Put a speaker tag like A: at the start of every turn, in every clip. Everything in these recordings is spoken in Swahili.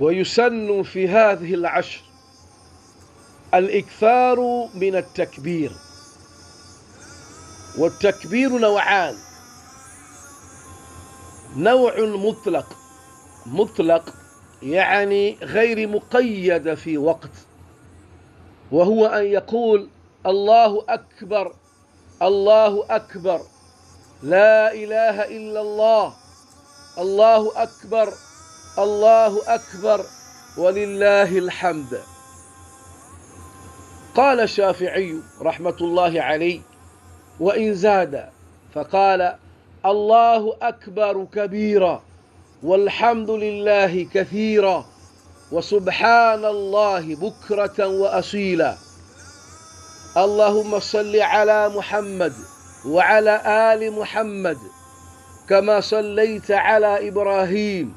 A: ويسن في هذه العشر الإكثار من التكبير والتكبير نوعان نوع مطلق مطلق يعني غير مقيد في وقت وهو أن يقول الله أكبر الله أكبر لا إله إلا الله الله أكبر الله أكبر ولله الحمد قال الشافعي رحمة الله عليه وإن زاد فقال الله أكبر كبيرا والحمد لله كثيرا وسبحان الله بكرة وأصيلا اللهم صل على محمد وعلى آل محمد كما صليت على إبراهيم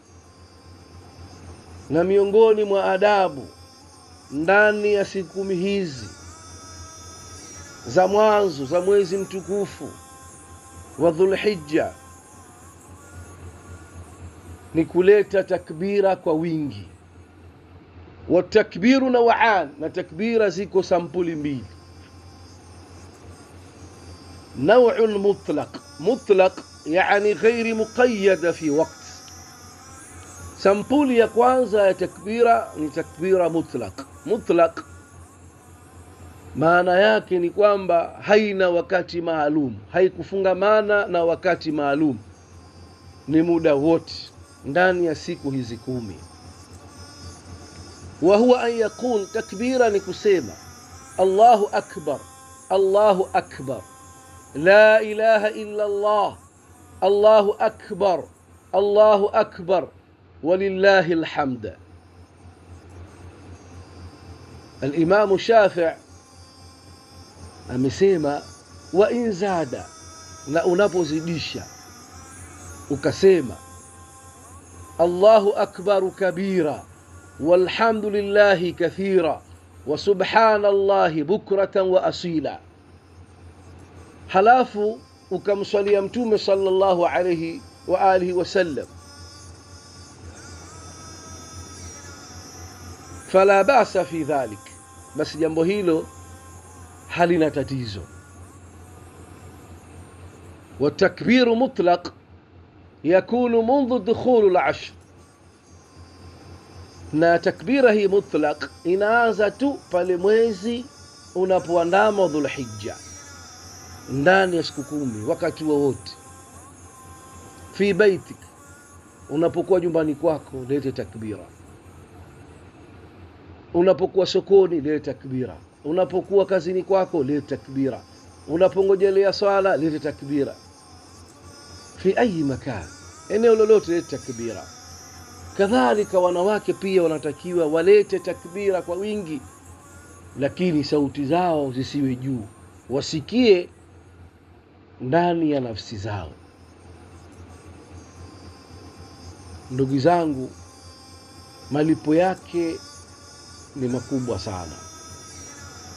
A: Na miongoni mwa adabu ndani ya siku kumi hizi za mwanzo za mwezi mtukufu wa Dhulhijja ni kuleta takbira kwa wingi wa takbiru na waan, na takbira ziko sampuli mbili: naw'un mutlaq mutlaq, yani ghairi muqayyada fi waqt Sampuli ya kwanza ya takbira ni takbira mutlak mutlak maana yake ni kwamba haina wakati maalum, haikufungamana na wakati maalum, ni muda wote ndani ya siku hizi kumi. Wa huwa an yaqul takbira ni kusema Allahu akbar, Allahu akbar, la ilaha illa Allah, Allahu akbar, Allahu akbar ولله الحمد الإمام الشافع أمسيما وإن زاد لا أنبوزيديشا وكسيما الله أكبر كبيرا والحمد لله كثيرا وسبحان الله بكرة وأصيلا halafu ukamswalia mtume صلى الله عليه wasallam wa fala basa fi dhalik, basi jambo hilo halina tatizo. Watakbiru mutlaq yakunu mundhu dukhulu lashr, na takbira hii mutlaq inaanza tu pale mwezi unapoandama Dhulhijja, ndani ya siku kumi, wakati wowote fi baitik, unapokuwa nyumbani kwako, lete takbira Unapokuwa sokoni, leta takbira. Unapokuwa kazini kwako, leta takbira. Unapongojelea swala, lete takbira. Fi ayi makan, eneo lolote, lete takbira. Kadhalika wanawake pia wanatakiwa walete takbira kwa wingi, lakini sauti zao zisiwe juu, wasikie ndani ya nafsi zao. Ndugu zangu, malipo yake ni makubwa sana.